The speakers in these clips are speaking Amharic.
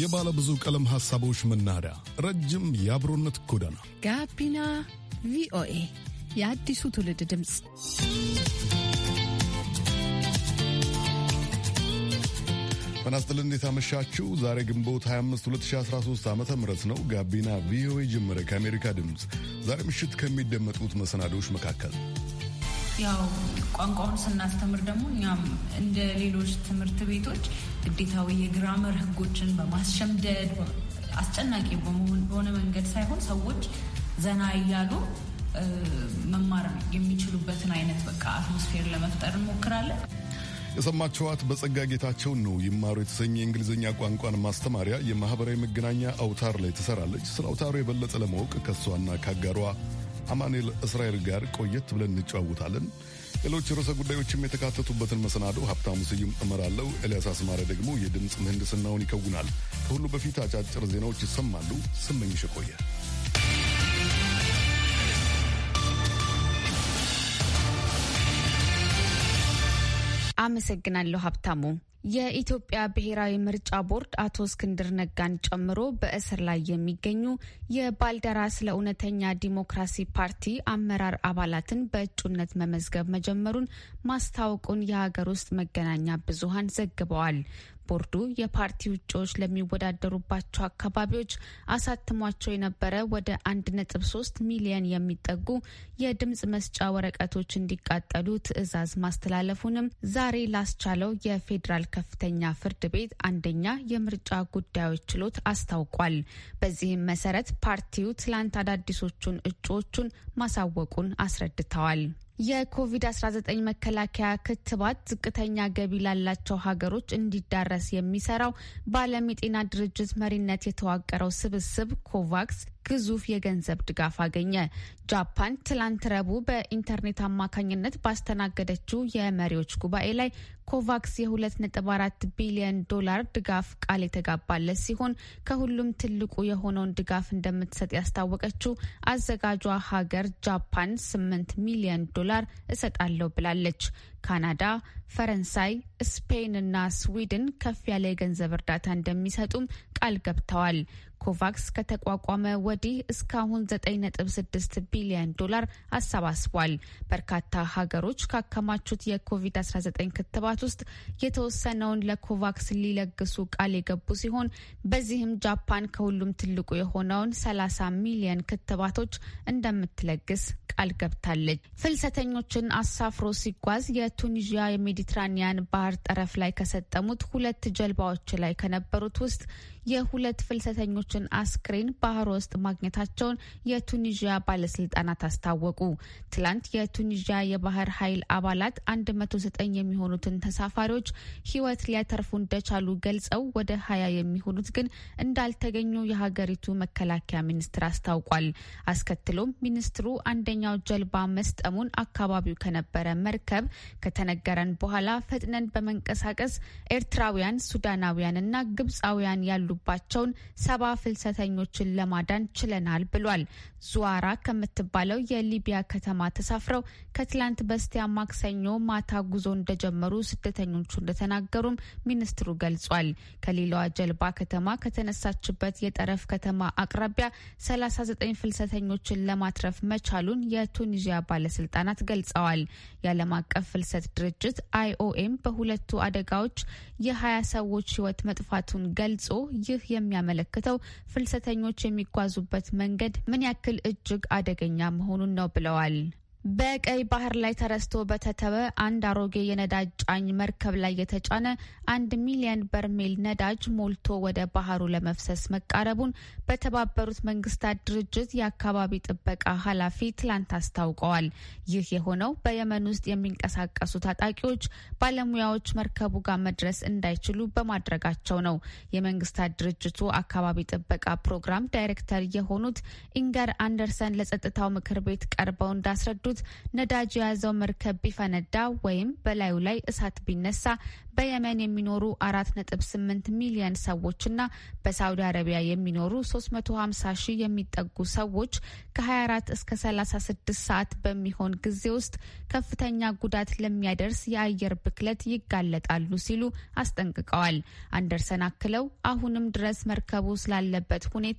የባለ ብዙ ቀለም ሐሳቦች መናኸሪያ፣ ረጅም የአብሮነት ጎዳና ጋቢና ቪኦኤ የአዲሱ ትውልድ ድምፅ። በናስጥል እንዴት አመሻችሁ። ዛሬ ግንቦት 25 2013 ዓ ም ነው። ጋቢና ቪኦኤ ጀመረ። ከአሜሪካ ድምፅ ዛሬ ምሽት ከሚደመጡት መሰናዶዎች መካከል ያው ቋንቋውን ስናስተምር ደግሞ እኛም እንደ ሌሎች ትምህርት ቤቶች ግዴታዊ የግራመር ህጎችን በማስሸምደድ አስጨናቂ በሆነ መንገድ ሳይሆን ሰዎች ዘና እያሉ መማር የሚችሉበትን አይነት በቃ አትሞስፌር ለመፍጠር እንሞክራለን። የሰማችኋት በጸጋ ጌታቸውን ነው። ይማሩ የተሰኘ የእንግሊዝኛ ቋንቋን ማስተማሪያ የማህበራዊ መገናኛ አውታር ላይ ትሰራለች። ስለ አውታሩ የበለጠ ለማወቅ ከእሷና ከአጋሯ አማኑኤል እስራኤል ጋር ቆየት ብለን እንጨዋወታለን። ሌሎች ርዕሰ ጉዳዮችም የተካተቱበትን መሰናዶ ሀብታሙ ስዩም እመራለሁ። ኤልያስ አስማረ ደግሞ የድምፅ ምህንድስናውን ይከውናል። ከሁሉ በፊት አጫጭር ዜናዎች ይሰማሉ። ስመኝሽ ቆየ አመሰግናለሁ ሀብታሙ። የኢትዮጵያ ብሔራዊ ምርጫ ቦርድ አቶ እስክንድር ነጋን ጨምሮ በእስር ላይ የሚገኙ የባልደራስ ለእውነተኛ ዲሞክራሲ ፓርቲ አመራር አባላትን በእጩነት መመዝገብ መጀመሩን ማስታወቁን የሀገር ውስጥ መገናኛ ብዙሃን ዘግበዋል። ቦርዱ የፓርቲ ውጭዎች ለሚወዳደሩባቸው አካባቢዎች አሳትሟቸው የነበረ ወደ አንድ ነጥብ ሶስት ሚሊየን የሚጠጉ የድምጽ መስጫ ወረቀቶች እንዲቃጠሉ ትዕዛዝ ማስተላለፉንም ዛሬ ላስቻለው የፌዴራል ከፍተኛ ፍርድ ቤት አንደኛ የምርጫ ጉዳዮች ችሎት አስታውቋል። በዚህም መሰረት ፓርቲው ትላንት አዳዲሶቹን እጩዎቹን ማሳወቁን አስረድተዋል። የኮቪድ-19 መከላከያ ክትባት ዝቅተኛ ገቢ ላላቸው ሀገሮች እንዲዳረስ የሚሰራው በዓለም የጤና ድርጅት መሪነት የተዋቀረው ስብስብ ኮቫክስ ግዙፍ የገንዘብ ድጋፍ አገኘ። ጃፓን ትላንት ረቡዕ በኢንተርኔት አማካኝነት ባስተናገደችው የመሪዎች ጉባኤ ላይ ኮቫክስ የ2.4 ቢሊዮን ዶላር ድጋፍ ቃል የተጋባለት ሲሆን ከሁሉም ትልቁ የሆነውን ድጋፍ እንደምትሰጥ ያስታወቀችው አዘጋጇ ሀገር ጃፓን 8 ሚሊዮን ዶላር እሰጣለሁ ብላለች። ካናዳ፣ ፈረንሳይ፣ ስፔን እና ስዊድን ከፍ ያለ የገንዘብ እርዳታ እንደሚሰጡም ቃል ገብተዋል። ኮቫክስ ከተቋቋመ ወዲህ እስካሁን 9.6 ቢሊዮን ዶላር አሰባስቧል። በርካታ ሀገሮች ካከማቹት የኮቪድ-19 ክትባት ውስጥ የተወሰነውን ለኮቫክስ ሊለግሱ ቃል የገቡ ሲሆን በዚህም ጃፓን ከሁሉም ትልቁ የሆነውን 30 ሚሊዮን ክትባቶች እንደምትለግስ ቃል ገብታለች። ፍልሰተኞችን አሳፍሮ ሲጓዝ የቱኒዥያ የሜዲትራኒያን ባህር ጠረፍ ላይ ከሰጠሙት ሁለት ጀልባዎች ላይ ከነበሩት ውስጥ የሁለት ፍልሰተኞችን አስክሬን ባህር ውስጥ ማግኘታቸውን የቱኒዥያ ባለስልጣናት አስታወቁ። ትላንት የቱኒዥያ የባህር ኃይል አባላት 109 የሚሆኑትን ተሳፋሪዎች ሕይወት ሊያተርፉ እንደቻሉ ገልጸው ወደ 20 የሚሆኑት ግን እንዳልተገኙ የሀገሪቱ መከላከያ ሚኒስትር አስታውቋል። አስከትሎም ሚኒስትሩ አንደኛው ጀልባ መስጠሙን አካባቢው ከነበረ መርከብ ከተነገረን በኋላ ፈጥነን በመንቀሳቀስ ኤርትራውያን፣ ሱዳናውያን እና ግብፃውያን ያሉ ያሉባቸውን ሰባ ፍልሰተኞችን ለማዳን ችለናል ብሏል። ዙዋራ ከምትባለው የሊቢያ ከተማ ተሳፍረው ከትላንት በስቲያ ማክሰኞ ማታ ጉዞ እንደጀመሩ ስደተኞቹ እንደተናገሩም ሚኒስትሩ ገልጿል። ከሌላዋ ጀልባ ከተማ ከተነሳችበት የጠረፍ ከተማ አቅራቢያ 39 ፍልሰተኞችን ለማትረፍ መቻሉን የቱኒዚያ ባለስልጣናት ገልጸዋል። የዓለም አቀፍ ፍልሰት ድርጅት አይኦኤም በሁለቱ አደጋዎች የ20 ሰዎች ሕይወት መጥፋቱን ገልጾ ይህ የሚያመለክተው ፍልሰተኞች የሚጓዙበት መንገድ ምን ያክል ትክክል እጅግ አደገኛ መሆኑን ነው ብለዋል። በቀይ ባህር ላይ ተረስቶ በተተበ አንድ አሮጌ የነዳጅ ጫኝ መርከብ ላይ የተጫነ አንድ ሚሊየን በርሜል ነዳጅ ሞልቶ ወደ ባህሩ ለመፍሰስ መቃረቡን በተባበሩት መንግስታት ድርጅት የአካባቢ ጥበቃ ኃላፊ ትላንት አስታውቀዋል። ይህ የሆነው በየመን ውስጥ የሚንቀሳቀሱ ታጣቂዎች ባለሙያዎች መርከቡ ጋር መድረስ እንዳይችሉ በማድረጋቸው ነው። የመንግስታት ድርጅቱ አካባቢ ጥበቃ ፕሮግራም ዳይሬክተር የሆኑት ኢንገር አንደርሰን ለጸጥታው ምክር ቤት ቀርበው እንዳስረዱ እንደተረዱት ነዳጅ የያዘው መርከብ ቢፈነዳ ወይም በላዩ ላይ እሳት ቢነሳ በየመን የሚኖሩ አራት ነጥብ ስምንት ሚሊየን ሰዎችና በሳውዲ አረቢያ የሚኖሩ 350 ሺህ የሚጠጉ ሰዎች ከ24 እስከ 36 ሰዓት በሚሆን ጊዜ ውስጥ ከፍተኛ ጉዳት ለሚያደርስ የአየር ብክለት ይጋለጣሉ ሲሉ አስጠንቅቀዋል። አንደርሰን አክለው አሁንም ድረስ መርከቡ ስላለበት ሁኔታ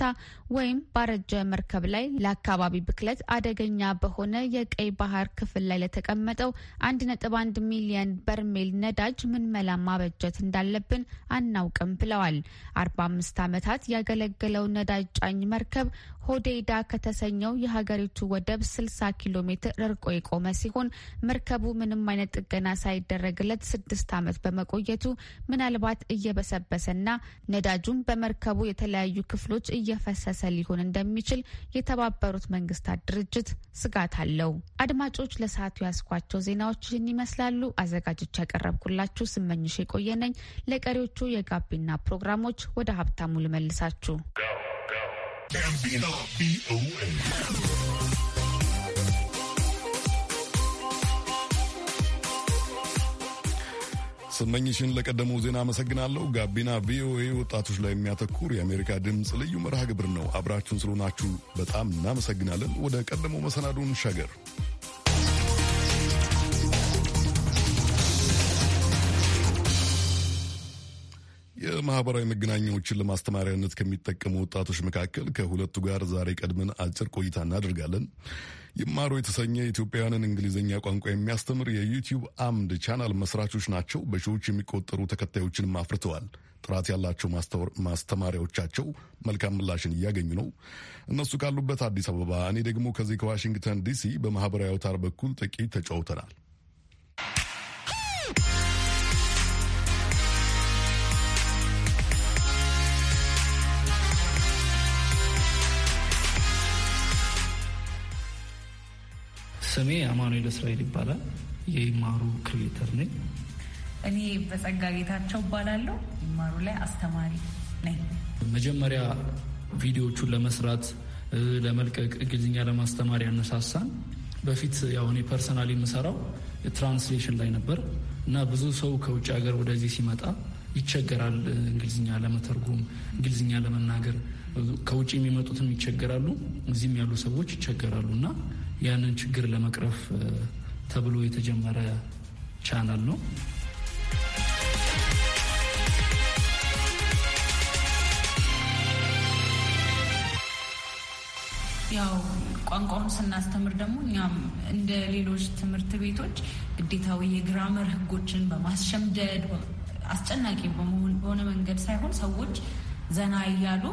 ወይም ባረጀ መርከብ ላይ ለአካባቢ ብክለት አደገኛ በሆነ የቀ ቀይ ባህር ክፍል ላይ ለተቀመጠው አንድ ነጥብ አንድ ሚሊየን በርሜል ነዳጅ ምልመላ ማበጀት እንዳለብን አናውቅም ብለዋል። አርባ አምስት ዓመታት ያገለገለው ነዳጅ ጫኝ መርከብ ሆዴይዳ ከተሰኘው የሀገሪቱ ወደብ 60 ኪሎ ሜትር ርቆ የቆመ ሲሆን መርከቡ ምንም አይነት ጥገና ሳይደረግለት ስድስት ዓመት በመቆየቱ ምናልባት እየበሰበሰና ነዳጁም በመርከቡ የተለያዩ ክፍሎች እየፈሰሰ ሊሆን እንደሚችል የተባበሩት መንግስታት ድርጅት ስጋት አለው። አድማጮች ለሰዓቱ ያስኳቸው ዜናዎች ይህን ይመስላሉ። አዘጋጆች ያቀረብኩላችሁ ስመኝሽ የቆየነኝ። ለቀሪዎቹ የጋቢና ፕሮግራሞች ወደ ሀብታሙ ልመልሳችሁ። ጋቢና ቪኦኤ ስመኝሽን ለቀደመው ዜና አመሰግናለሁ። ጋቢና ቪኦኤ ወጣቶች ላይ የሚያተኩር የአሜሪካ ድምፅ ልዩ መርሃ ግብር ነው። አብራችሁን ስለሆናችሁ በጣም እናመሰግናለን። ወደ ቀደመው መሰናዶ እንሻገር። የማህበራዊ መገናኛዎችን ለማስተማሪያነት ከሚጠቀሙ ወጣቶች መካከል ከሁለቱ ጋር ዛሬ ቀድመን አጭር ቆይታ እናደርጋለን። ይማሩ የተሰኘ ኢትዮጵያውያንን እንግሊዝኛ ቋንቋ የሚያስተምር የዩቲዩብ አምድ ቻናል መስራቾች ናቸው። በሺዎች የሚቆጠሩ ተከታዮችንም አፍርተዋል። ጥራት ያላቸው ማስተማሪያዎቻቸው መልካም ምላሽን እያገኙ ነው። እነሱ ካሉበት አዲስ አበባ፣ እኔ ደግሞ ከዚህ ከዋሽንግተን ዲሲ በማህበራዊ አውታር በኩል ጥቂት ተጫውተናል። ስሜ አማኑኤል እስራኤል ይባላል። የይማሩ ክሪኤተር ነኝ። እኔ በጸጋ ጌታቸው እባላለሁ። ይማሩ ላይ አስተማሪ ነኝ። መጀመሪያ ቪዲዮዎቹን ለመስራት ለመልቀቅ እንግሊዝኛ ለማስተማር ያነሳሳን በፊት ያው እኔ ፐርሰናል የምሰራው ትራንስሌሽን ላይ ነበር እና ብዙ ሰው ከውጭ ሀገር ወደዚህ ሲመጣ ይቸገራል። እንግሊዝኛ ለመተርጎም እንግሊዝኛ ለመናገር ከውጭ የሚመጡትም ይቸገራሉ፣ እዚህም ያሉ ሰዎች ይቸገራሉ እና ያንን ችግር ለመቅረፍ ተብሎ የተጀመረ ቻናል ነው። ያው ቋንቋውን ስናስተምር ደግሞ እኛም እንደ ሌሎች ትምህርት ቤቶች ግዴታዊ የግራመር ሕጎችን በማስሸምደድ አስጨናቂ በሆነ መንገድ ሳይሆን ሰዎች ዘና እያሉ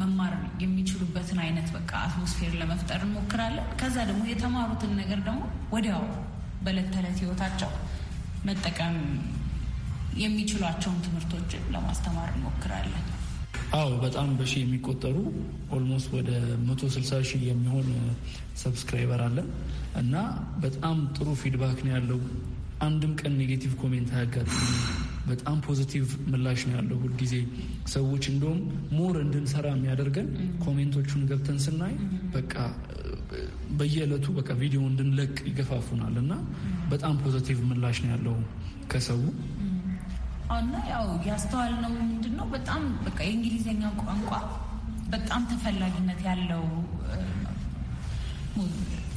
መማር የሚችሉበትን አይነት በቃ አትሞስፌር ለመፍጠር እንሞክራለን። ከዛ ደግሞ የተማሩትን ነገር ደግሞ ወዲያው በዕለት ተዕለት ህይወታቸው መጠቀም የሚችሏቸውን ትምህርቶች ለማስተማር እንሞክራለን። አዎ በጣም በሺ የሚቆጠሩ ኦልሞስት ወደ 160 ሺህ የሚሆን ሰብስክራይበር አለን እና በጣም ጥሩ ፊድባክ ነው ያለው። አንድም ቀን ኔጌቲቭ ኮሜንት አያጋጥም በጣም ፖዚቲቭ ምላሽ ነው ያለው። ሁልጊዜ ሰዎች እንደውም ሞር እንድንሰራ የሚያደርገን ኮሜንቶቹን ገብተን ስናይ በቃ በየዕለቱ በቃ ቪዲዮ እንድንለቅ ይገፋፉናል እና በጣም ፖዚቲቭ ምላሽ ነው ያለው ከሰው እና ያው ያስተዋል ነው ምንድን ነው በጣም በቃ የእንግሊዝኛ ቋንቋ በጣም ተፈላጊነት ያለው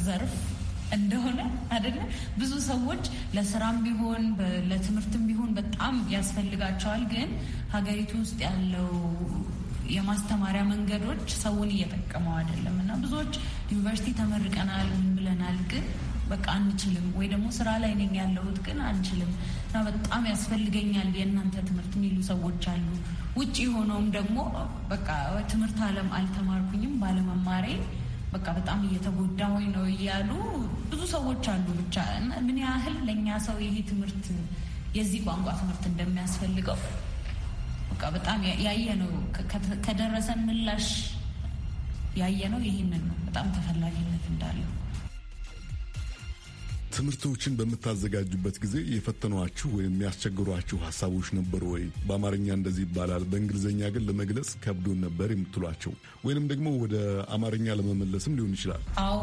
ዘርፍ እንደሆነ አይደለ? ብዙ ሰዎች ለስራም ቢሆን ለትምህርትም ቢሆን በጣም ያስፈልጋቸዋል። ግን ሀገሪቱ ውስጥ ያለው የማስተማሪያ መንገዶች ሰውን እየጠቀመው አይደለም እና ብዙዎች ዩኒቨርሲቲ ተመርቀናል፣ ብለናል፣ ግን በቃ አንችልም ወይ ደግሞ ስራ ላይ ነኝ ያለሁት ግን አንችልም እና በጣም ያስፈልገኛል የእናንተ ትምህርት የሚሉ ሰዎች አሉ። ውጭ የሆነውም ደግሞ በቃ ትምህርት አለም አልተማርኩኝም ባለመማሬ በቃ በጣም ወይ ነው እያሉ ብዙ ሰዎች አሉ ብቻ ምን ያህል ለእኛ ሰው ይሄ ትምህርት የዚህ ቋንቋ ትምህርት እንደሚያስፈልገው በቃ በጣም ያየነው ከደረሰን ምላሽ ያየነው ይህንን ነው። በጣም ተፈላጊነት እንዳለው ትምህርቶችን በምታዘጋጁበት ጊዜ የፈተኗችሁ ወይም የሚያስቸግሯችሁ ሀሳቦች ነበሩ ወይ? በአማርኛ እንደዚህ ይባላል፣ በእንግሊዝኛ ግን ለመግለጽ ከብዶን ነበር የምትሏቸው ወይንም ደግሞ ወደ አማርኛ ለመመለስም ሊሆን ይችላል። አዎ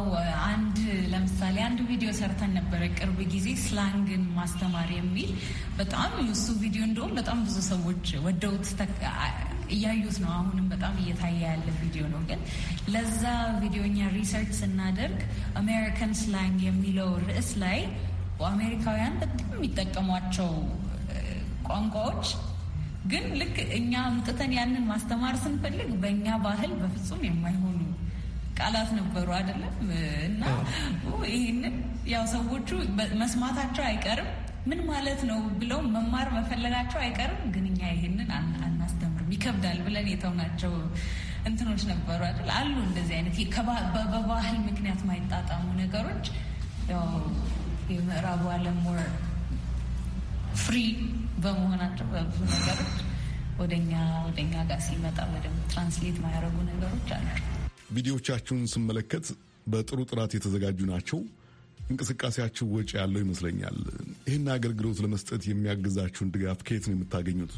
አንድ ለምሳሌ አንድ ቪዲዮ ሰርተን ነበረ ቅርብ ጊዜ ስላንግን ማስተማር የሚል በጣም እሱ ቪዲዮ እንደውም በጣም ብዙ ሰዎች ወደውት እያዩት ነው። አሁንም በጣም እየታየ ያለ ቪዲዮ ነው። ግን ለዛ ቪዲዮ እኛ ሪሰርች ስናደርግ አሜሪካን ስላንግ የሚለው ርዕስ ላይ አሜሪካውያን በጣም የሚጠቀሟቸው ቋንቋዎች ግን ልክ እኛ አምጥተን ያንን ማስተማር ስንፈልግ በእኛ ባህል በፍጹም የማይሆኑ ቃላት ነበሩ አይደለም። እና ይህንን ያው ሰዎቹ መስማታቸው አይቀርም ምን ማለት ነው ብለው መማር መፈለጋቸው አይቀርም። ግን እኛ ይህንን አናስተምር ይከብዳል ብለን የተውናቸው እንትኖች ነበሩ አይደል? አሉ እንደዚህ አይነት በባህል ምክንያት ማይጣጣሙ ነገሮች የምዕራቡ ዓለም ወር ፍሪ በመሆናቸው በብዙ ነገሮች ወደኛ ወደኛ ጋር ሲመጣ በደምብ ትራንስሌት ማያደረጉ ነገሮች አሉ። ቪዲዮቻችሁን ስመለከት በጥሩ ጥራት የተዘጋጁ ናቸው። እንቅስቃሴያችሁ ወጪ ያለው ይመስለኛል። ይህን አገልግሎት ለመስጠት የሚያግዛችሁን ድጋፍ ከየት ነው የምታገኙት?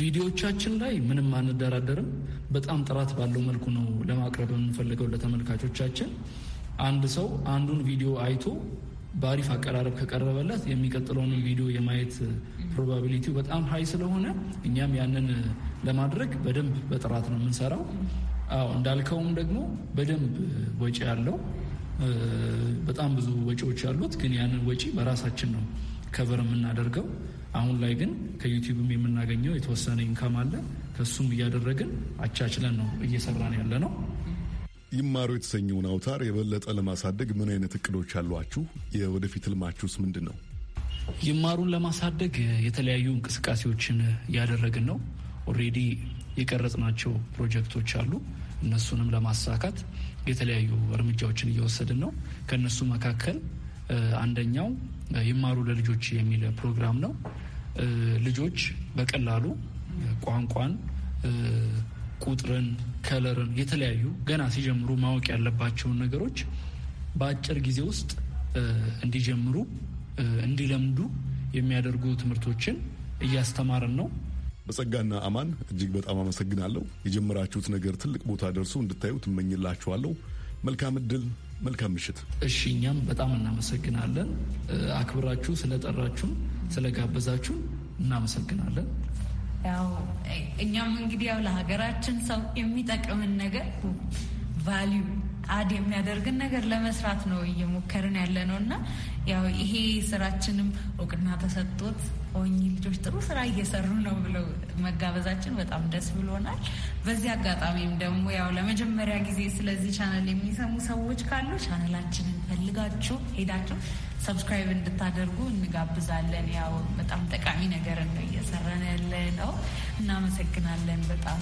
ቪዲዮዎቻችን ላይ ምንም አንደራደርም። በጣም ጥራት ባለው መልኩ ነው ለማቅረብ የምንፈልገው ለተመልካቾቻችን። አንድ ሰው አንዱን ቪዲዮ አይቶ በአሪፍ አቀራረብ ከቀረበለት የሚቀጥለውን ቪዲዮ የማየት ፕሮባቢሊቲው በጣም ሀይ ስለሆነ እኛም ያንን ለማድረግ በደንብ በጥራት ነው የምንሰራው። አዎ እንዳልከውም ደግሞ በደንብ ወጪ ያለው በጣም ብዙ ወጪዎች ያሉት ግን ያንን ወጪ በራሳችን ነው ከበር የምናደርገው። አሁን ላይ ግን ከዩቲዩብም የምናገኘው የተወሰነ ኢንካም አለ። ከሱም እያደረግን አቻችለን ነው እየሰራን ያለ ነው። ይማሩ የተሰኘውን አውታር የበለጠ ለማሳደግ ምን አይነት እቅዶች አሏችሁ? የወደፊት ህልማችሁስ ምንድን ነው? ይማሩን ለማሳደግ የተለያዩ እንቅስቃሴዎችን እያደረግን ነው። ኦልሬዲ የቀረጽናቸው ፕሮጀክቶች አሉ። እነሱንም ለማሳካት የተለያዩ እርምጃዎችን እየወሰድን ነው። ከእነሱ መካከል አንደኛው ይማሩ ለልጆች የሚል ፕሮግራም ነው። ልጆች በቀላሉ ቋንቋን፣ ቁጥርን፣ ከለርን የተለያዩ ገና ሲጀምሩ ማወቅ ያለባቸውን ነገሮች በአጭር ጊዜ ውስጥ እንዲጀምሩ እንዲለምዱ የሚያደርጉ ትምህርቶችን እያስተማርን ነው። በጸጋና አማን እጅግ በጣም አመሰግናለሁ። የጀመራችሁት ነገር ትልቅ ቦታ ደርሶ እንድታዩ ትመኝላችኋለሁ። መልካም እድል። መልካም ምሽት። እሺ፣ እኛም በጣም እናመሰግናለን። አክብራችሁ ስለጠራችሁን፣ ስለጋበዛችሁን እናመሰግናለን። ያው እኛም እንግዲህ ያው ለሀገራችን ሰው የሚጠቅምን ነገር ቫሊዩ አድ የሚያደርግን ነገር ለመስራት ነው እየሞከርን ያለ ነው እና ያው ይሄ ስራችንም እውቅና ተሰጥቶት እኚህ ልጆች ጥሩ ስራ እየሰሩ ነው ብለው መጋበዛችን በጣም ደስ ብሎናል። በዚህ አጋጣሚም ደግሞ ያው ለመጀመሪያ ጊዜ ስለዚህ ቻናል የሚሰሙ ሰዎች ካሉ ቻናላችንን ፈልጋችሁ ሄዳችሁ ሰብስክራይብ እንድታደርጉ እንጋብዛለን። ያው በጣም ጠቃሚ ነገርን ነው እየሰራን ያለ ነው። እናመሰግናለን በጣም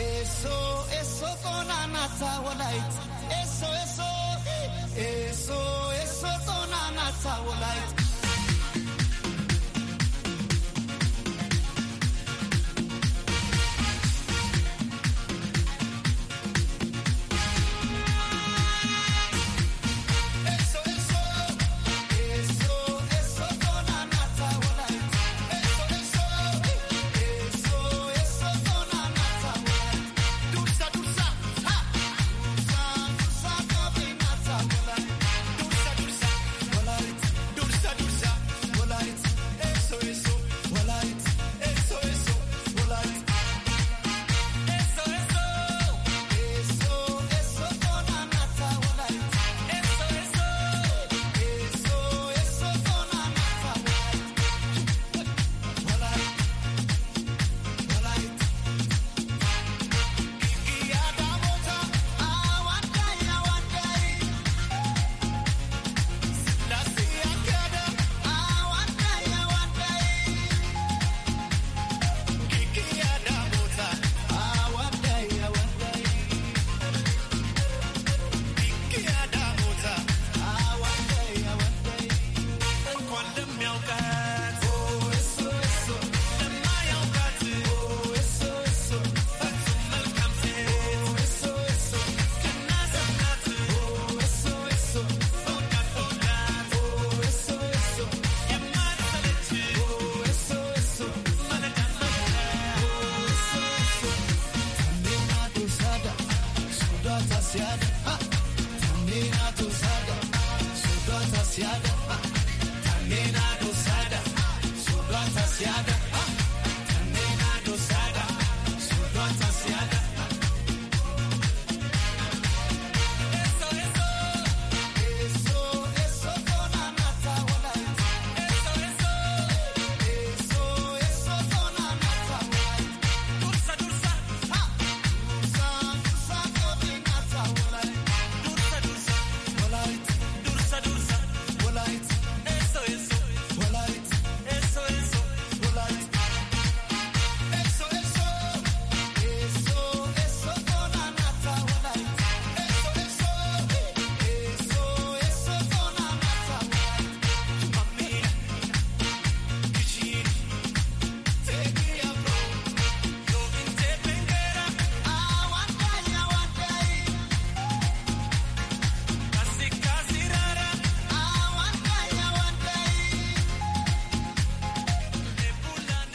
eso eso tonanata walait eso eso eh, eso eso tonanata walait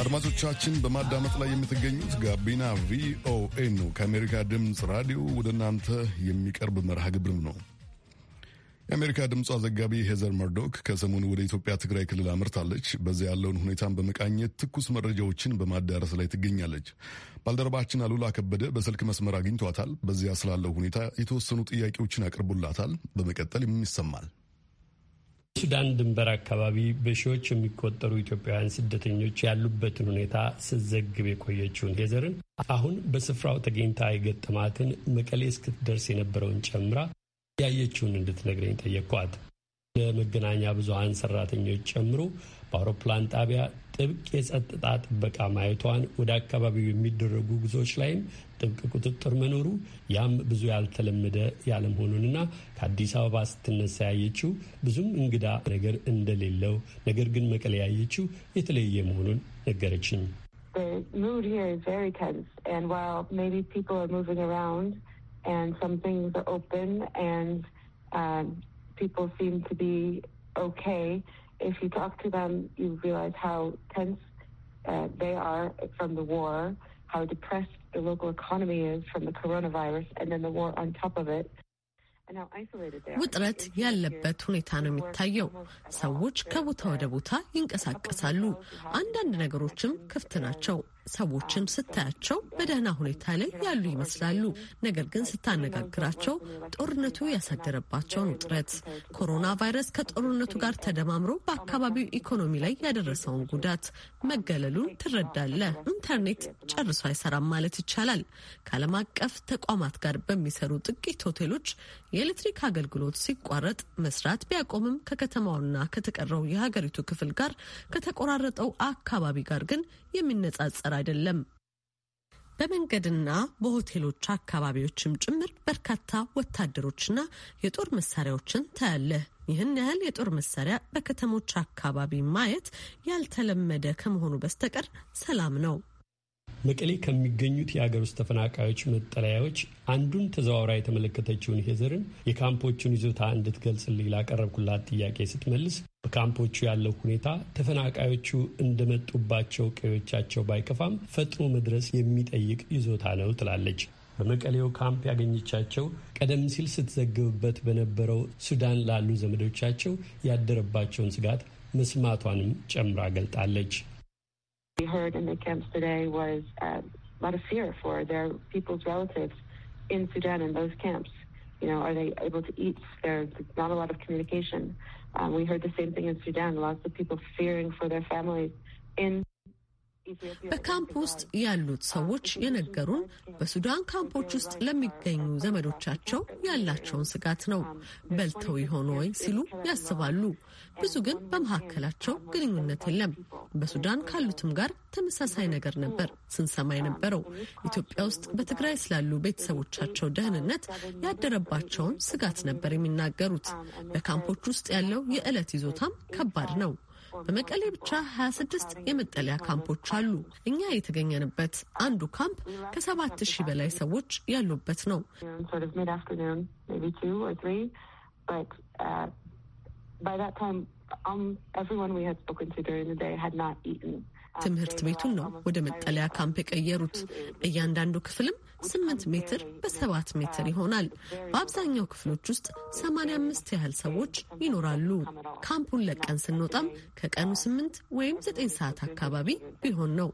አድማጮቻችን በማዳመጥ ላይ የምትገኙት ጋቢና ቪኦኤ ነው። ከአሜሪካ ድምፅ ራዲዮ ወደ እናንተ የሚቀርብ መርሃ ግብርም ነው። የአሜሪካ ድምጿ ዘጋቢ ሄዘር መርዶክ ከሰሞኑ ወደ ኢትዮጵያ ትግራይ ክልል አምርታለች። በዚያ ያለውን ሁኔታን በመቃኘት ትኩስ መረጃዎችን በማዳረስ ላይ ትገኛለች። ባልደረባችን አሉላ ከበደ በስልክ መስመር አግኝቷታል። በዚያ ስላለው ሁኔታ የተወሰኑ ጥያቄዎችን አቅርቦላታል። በመቀጠል ይሰማል። ሱዳን ድንበር አካባቢ በሺዎች የሚቆጠሩ ኢትዮጵያውያን ስደተኞች ያሉበትን ሁኔታ ስትዘግብ የቆየችውን ሄዘርን አሁን በስፍራው ተገኝታ የገጠማትን መቀሌ እስክትደርስ የነበረውን ጨምራ ያየችውን እንድትነግረኝ ጠየቅኳት። ለመገናኛ ብዙሃን ሰራተኞች ጨምሮ በአውሮፕላን ጣቢያ ጥብቅ የጸጥታ ጥበቃ ማየቷን፣ ወደ አካባቢው የሚደረጉ ጉዞዎች ላይም ጥብቅ ቁጥጥር መኖሩ ያም ብዙ ያልተለመደ ያለመሆኑንና ከአዲስ አበባ ስትነሳ ያየችው ብዙም እንግዳ ነገር እንደሌለው ነገር ግን መቀለ ያየችው የተለየ መሆኑን ነገረችኝ ነገረችን። um, if you talk to them, you realize how tense uh, they are from the war. how depressed the local economy is from the coronavirus and then the war on top of it. ውጥረት ያለበት ሁኔታ ነው የሚታየው። ሰዎች ከቦታ ወደ ቦታ ይንቀሳቀሳሉ። አንዳንድ ነገሮችም ክፍት ናቸው። ሰዎችን ስታያቸው በደህና ሁኔታ ላይ ያሉ ይመስላሉ። ነገር ግን ስታነጋግራቸው ጦርነቱ ያሳደረባቸውን ውጥረት፣ ኮሮና ቫይረስ ከጦርነቱ ጋር ተደማምሮ በአካባቢው ኢኮኖሚ ላይ ያደረሰውን ጉዳት፣ መገለሉን ትረዳለህ። ኢንተርኔት ጨርሶ አይሰራም ማለት ይቻላል። ከዓለም አቀፍ ተቋማት ጋር በሚሰሩ ጥቂት ሆቴሎች የኤሌክትሪክ አገልግሎት ሲቋረጥ መስራት ቢያቆምም ከከተማውና ከተቀረው የሀገሪቱ ክፍል ጋር ከተቆራረጠው አካባቢ ጋር ግን የሚነጻጸር ቀላል አይደለም። በመንገድና በሆቴሎች አካባቢዎችም ጭምር በርካታ ወታደሮችና የጦር መሳሪያዎችን ታያለህ። ይህን ያህል የጦር መሳሪያ በከተሞች አካባቢ ማየት ያልተለመደ ከመሆኑ በስተቀር ሰላም ነው። መቀሌ ከሚገኙት የአገር ውስጥ ተፈናቃዮች መጠለያዎች አንዱን ተዘዋውራ የተመለከተችውን ሄዘርን የካምፖቹን ይዞታ እንድትገልጽልኝ ላቀረብኩላት ጥያቄ ስትመልስ በካምፖቹ ያለው ሁኔታ ተፈናቃዮቹ እንደመጡባቸው ቀዮቻቸው ባይከፋም ፈጥኖ መድረስ የሚጠይቅ ይዞታ ነው ትላለች። በመቀሌው ካምፕ ያገኘቻቸው ቀደም ሲል ስትዘግብበት በነበረው ሱዳን ላሉ ዘመዶቻቸው ያደረባቸውን ስጋት መስማቷንም ጨምራ ገልጣለች። uh, a lot of fear for their people's relatives in Sudan in those camps. You know, are they able to eat? There's not a lot of communication. Um, we heard the same thing in Sudan. Lots of people fearing for their families in በካምፕ ውስጥ ያሉት ሰዎች የነገሩን በሱዳን ካምፖች ውስጥ ለሚገኙ ዘመዶቻቸው ያላቸውን ስጋት ነው። በልተው ይሆን ወይ ሲሉ ያስባሉ። ብዙ ግን በመካከላቸው ግንኙነት የለም። በሱዳን ካሉትም ጋር ተመሳሳይ ነገር ነበር ስንሰማ የነበረው። ኢትዮጵያ ውስጥ በትግራይ ስላሉ ቤተሰቦቻቸው ደህንነት ያደረባቸውን ስጋት ነበር የሚናገሩት። በካምፖች ውስጥ ያለው የዕለት ይዞታም ከባድ ነው። በመቀሌ ብቻ 26 የመጠለያ ካምፖች አሉ። እኛ የተገኘንበት አንዱ ካምፕ ከሰባት ሺህ በላይ ሰዎች ያሉበት ነው። Um, um, ትምህርት ቤቱን ነው ወደ መጠለያ ካምፕ የቀየሩት። እያንዳንዱ ክፍልም ስምንት ሜትር በሰባት uh, ሜትር ይሆናል። በአብዛኛው ክፍሎች ውስጥ ሰማንያ አምስት ያህል ሰዎች ይኖራሉ። ካምፑን ለቀን ስንወጣም ከቀኑ uh, ስምንት ወይም ዘጠኝ ሰዓት አካባቢ ቢሆን ነው።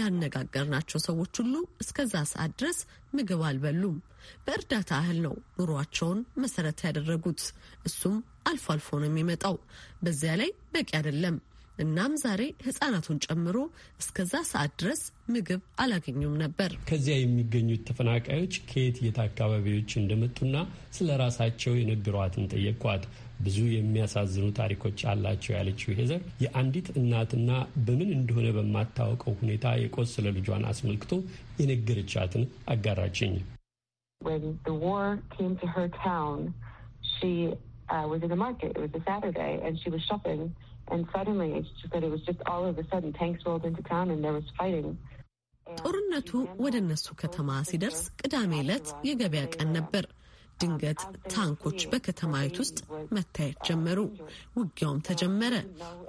ያነጋገርናቸው ሰዎች ሁሉ እስከዛ ሰዓት ድረስ ምግብ አልበሉም። በእርዳታ እህል ነው ኑሯቸውን መሰረት ያደረጉት። እሱም አልፎ አልፎ ነው የሚመጣው። በዚያ ላይ በቂ አይደለም። እናም ዛሬ ህጻናቱን ጨምሮ እስከዛ ሰዓት ድረስ ምግብ አላገኙም ነበር። ከዚያ የሚገኙት ተፈናቃዮች ከየት የት አካባቢዎች እንደመጡና ስለ ራሳቸው የነግሯትን ጠየቋት። ብዙ የሚያሳዝኑ ታሪኮች አላቸው ያለችው ሄዘር የአንዲት እናትና በምን እንደሆነ በማታወቀው ሁኔታ የቆሰለ ልጇን አስመልክቶ የነገረቻትን አጋራችኝ። uh, was in the market. It was a Saturday, and she was shopping, and suddenly she said it was just all of a sudden tanks rolled into town and there was fighting. ጦርነቱ ወደ እነሱ ከተማ ሲደርስ ቅዳሜ ዕለት የገበያ ቀን ነበር። ድንገት ታንኮች በከተማይቱ ውስጥ መታየት ጀመሩ። ውጊያውም ተጀመረ።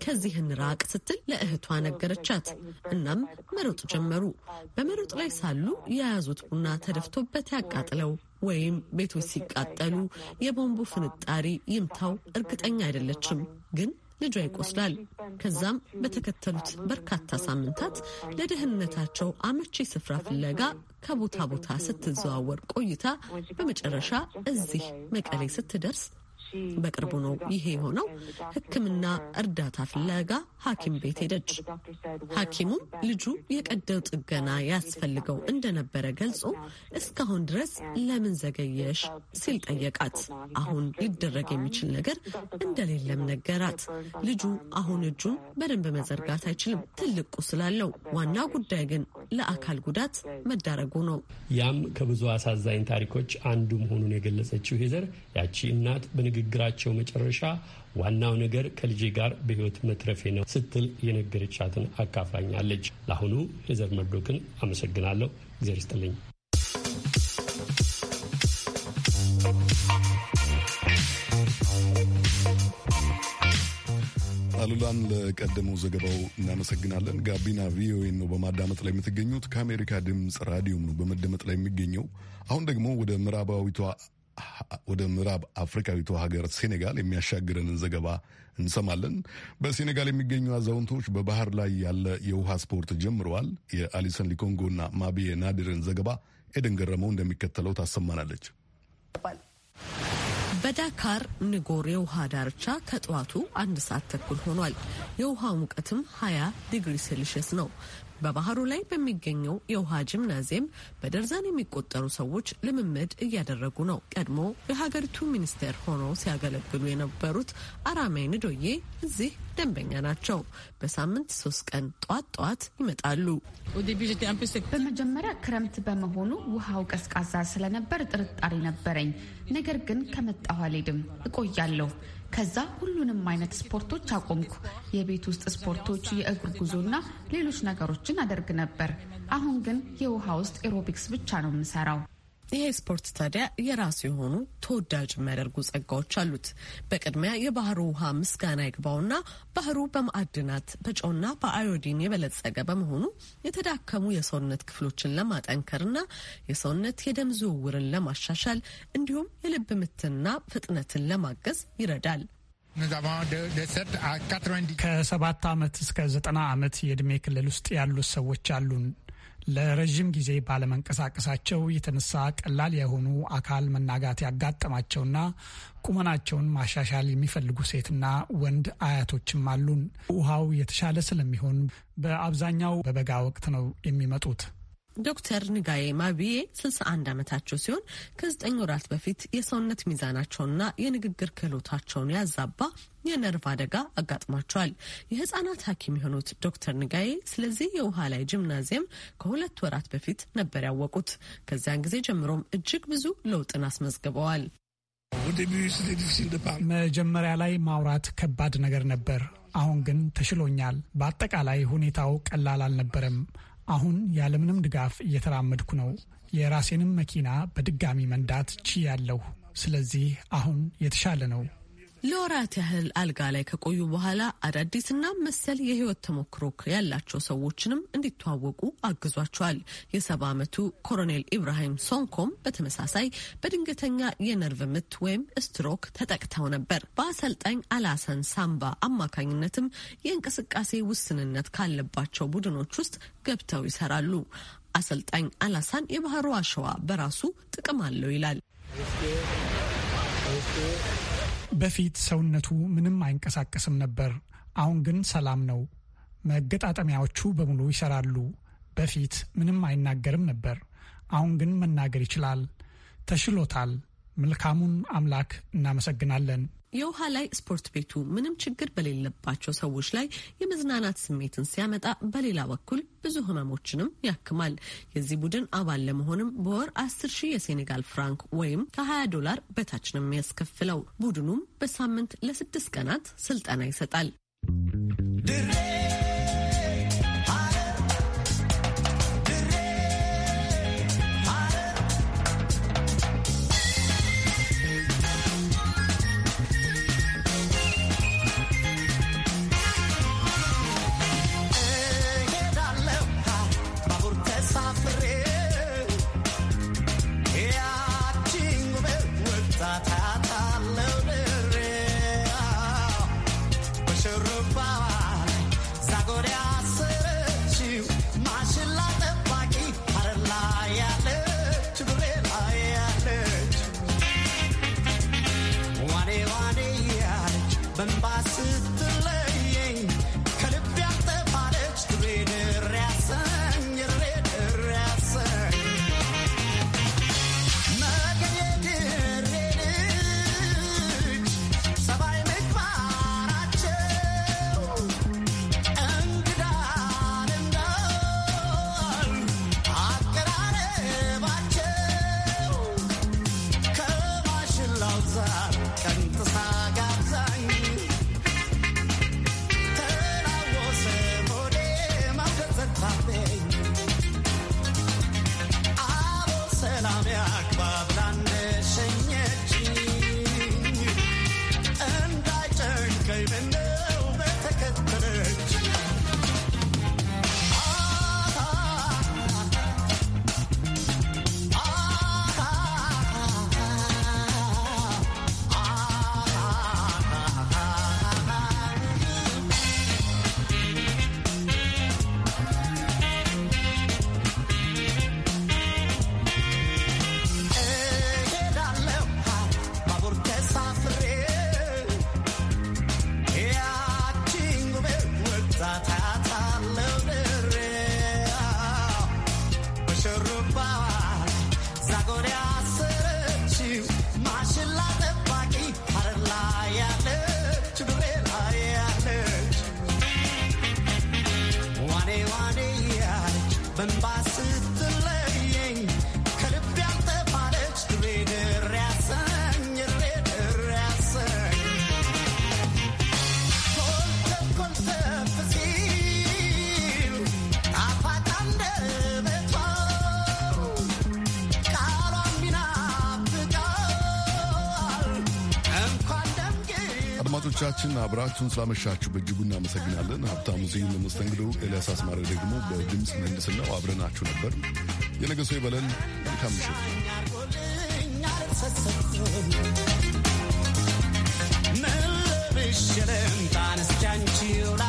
ከዚህን ራቅ ስትል ለእህቷ ነገረቻት። እናም መሮጥ ጀመሩ። በመሮጥ ላይ ሳሉ የያዙት ቡና ተደፍቶበት ያቃጥለው ወይም ቤቶች ሲቃጠሉ የቦምቡ ፍንጣሪ ይምታው እርግጠኛ አይደለችም ግን ልጇ ይቆስላል። ከዛም በተከተሉት በርካታ ሳምንታት ለደህንነታቸው አመቺ ስፍራ ፍለጋ ከቦታ ቦታ ስትዘዋወር ቆይታ በመጨረሻ እዚህ መቀሌ ስትደርስ በቅርቡ ነው ይሄ የሆነው። ሕክምና እርዳታ ፍለጋ ሐኪም ቤት ሄደች። ሐኪሙም ልጁ የቀደው ጥገና ያስፈልገው እንደነበረ ገልጾ እስካሁን ድረስ ለምን ዘገየሽ ሲል ጠየቃት። አሁን ሊደረግ የሚችል ነገር እንደሌለም ነገራት። ልጁ አሁን እጁን በደንብ መዘርጋት አይችልም፣ ትልቅ ቁስል አለው። ዋና ጉዳይ ግን ለአካል ጉዳት መዳረጉ ነው። ያም ከብዙ አሳዛኝ ታሪኮች አንዱ መሆኑን የገለጸችው ሄዘር ያቺ እናት በንግግ ንግግራቸው መጨረሻ ዋናው ነገር ከልጄ ጋር በሕይወት መትረፌ ነው ስትል የነገረቻትን አካፍላኛለች። ለአሁኑ ሄዘር መርዶክን አመሰግናለሁ። እግዜር ይስጥልኝ። አሉላን ለቀደመው ዘገባው እናመሰግናለን። ጋቢና ቪኦኤ ነው በማዳመጥ ላይ የምትገኙት። ከአሜሪካ ድምፅ ራዲዮም ነው በመደመጥ ላይ የሚገኘው። አሁን ደግሞ ወደ ምዕራባዊቷ ወደ ምዕራብ አፍሪካዊቱ ሀገር ሴኔጋል የሚያሻግረንን ዘገባ እንሰማለን። በሴኔጋል የሚገኙ አዛውንቶች በባህር ላይ ያለ የውሃ ስፖርት ጀምረዋል። የአሊሰን ሊኮንጎና ማቢየ ናዲርን ዘገባ ኤደን ገረመው እንደሚከተለው ታሰማናለች። በዳካር ንጎር የውሃ ዳርቻ ከጠዋቱ አንድ ሰዓት ተኩል ሆኗል። የውሃ ሙቀትም 20 ዲግሪ ሴልሽስ ነው። በባህሩ ላይ በሚገኘው የውሃ ጂምናዚየም በደርዘን የሚቆጠሩ ሰዎች ልምምድ እያደረጉ ነው። ቀድሞ የሀገሪቱ ሚኒስቴር ሆነው ሲያገለግሉ የነበሩት አራሜ ንዶዬ እዚህ ደንበኛ ናቸው። በሳምንት ሶስት ቀን ጧት ጧት ይመጣሉ። በመጀመሪያ ክረምት በመሆኑ ውሃው ቀዝቃዛ ስለነበር ጥርጣሬ ነበረኝ። ነገር ግን ከመጣሁ አልሄድም፣ እቆያለሁ። ከዛ ሁሉንም አይነት ስፖርቶች አቆምኩ። የቤት ውስጥ ስፖርቶች፣ የእግር ጉዞና ሌሎች ነገሮችን አደርግ ነበር። አሁን ግን የውሃ ውስጥ ኤሮቢክስ ብቻ ነው የምሰራው። ይሄ ስፖርት ታዲያ የራሱ የሆኑ ተወዳጅ የሚያደርጉ ጸጋዎች አሉት። በቅድሚያ የባህሩ ውሃ ምስጋና ይግባውና ባህሩ በማዕድናት በጨውና በአዮዲን የበለጸገ በመሆኑ የተዳከሙ የሰውነት ክፍሎችን ለማጠንከርና የሰውነት የደም ዝውውርን ለማሻሻል እንዲሁም የልብ ምትና ፍጥነትን ለማገዝ ይረዳል። ከሰባት ዓመት እስከ ዘጠና ዓመት የዕድሜ ክልል ውስጥ ያሉት ሰዎች አሉን። ለረዥም ጊዜ ባለመንቀሳቀሳቸው የተነሳ ቀላል የሆኑ አካል መናጋት ያጋጠማቸውና ቁመናቸውን ማሻሻል የሚፈልጉ ሴትና ወንድ አያቶችም አሉን። ውሃው የተሻለ ስለሚሆን በአብዛኛው በበጋ ወቅት ነው የሚመጡት። ዶክተር ንጋዬ ማብዬ 61 ዓመታቸው ሲሆን ከ9 ወራት በፊት የሰውነት ሚዛናቸውንና የንግግር ክህሎታቸውን ያዛባ የነርቭ አደጋ አጋጥሟቸዋል። የህጻናት ሐኪም የሆኑት ዶክተር ንጋዬ ስለዚህ የውሃ ላይ ጂምናዚየም ከሁለት ወራት በፊት ነበር ያወቁት። ከዚያን ጊዜ ጀምሮም እጅግ ብዙ ለውጥን አስመዝግበዋል። መጀመሪያ ላይ ማውራት ከባድ ነገር ነበር። አሁን ግን ተሽሎኛል። በአጠቃላይ ሁኔታው ቀላል አልነበረም። አሁን ያለምንም ድጋፍ እየተራመድኩ ነው። የራሴንም መኪና በድጋሚ መንዳት ችያለሁ። ስለዚህ አሁን የተሻለ ነው። ለወራት ያህል አልጋ ላይ ከቆዩ በኋላ አዳዲስና መሰል የህይወት ተሞክሮ ያላቸው ሰዎችንም እንዲተዋወቁ አግዟቸዋል። የሰባ ዓመቱ ኮሎኔል ኢብራሂም ሶንኮም በተመሳሳይ በድንገተኛ የነርቭ ምት ወይም ስትሮክ ተጠቅተው ነበር። በአሰልጣኝ አላሰን ሳምባ አማካኝነትም የእንቅስቃሴ ውስንነት ካለባቸው ቡድኖች ውስጥ ገብተው ይሰራሉ። አሰልጣኝ አላሳን የባህሩ አሸዋ በራሱ ጥቅም አለው ይላል። በፊት ሰውነቱ ምንም አይንቀሳቀስም ነበር። አሁን ግን ሰላም ነው። መገጣጠሚያዎቹ በሙሉ ይሰራሉ። በፊት ምንም አይናገርም ነበር። አሁን ግን መናገር ይችላል። ተሽሎታል። መልካሙን አምላክ እናመሰግናለን። የውሃ ላይ ስፖርት ቤቱ ምንም ችግር በሌለባቸው ሰዎች ላይ የመዝናናት ስሜትን ሲያመጣ፣ በሌላ በኩል ብዙ ህመሞችንም ያክማል። የዚህ ቡድን አባል ለመሆንም በወር አስር ሺህ የሴኔጋል ፍራንክ ወይም ከ20 ዶላር በታች ነው የሚያስከፍለው። ቡድኑም በሳምንት ለስድስት ቀናት ስልጠና ይሰጣል። አድማጮቻችን አብራችሁን ስላመሻችሁ በእጅጉ እናመሰግናለን። ሀብታሙ ስዩም ለመስተንግዶው፣ ኤልያስ አስማሪ ደግሞ በድምፅ ምህንድስናው አብረናችሁ ነበር። የነገ ሰው ይበለን። መልካም ምሽት። I'm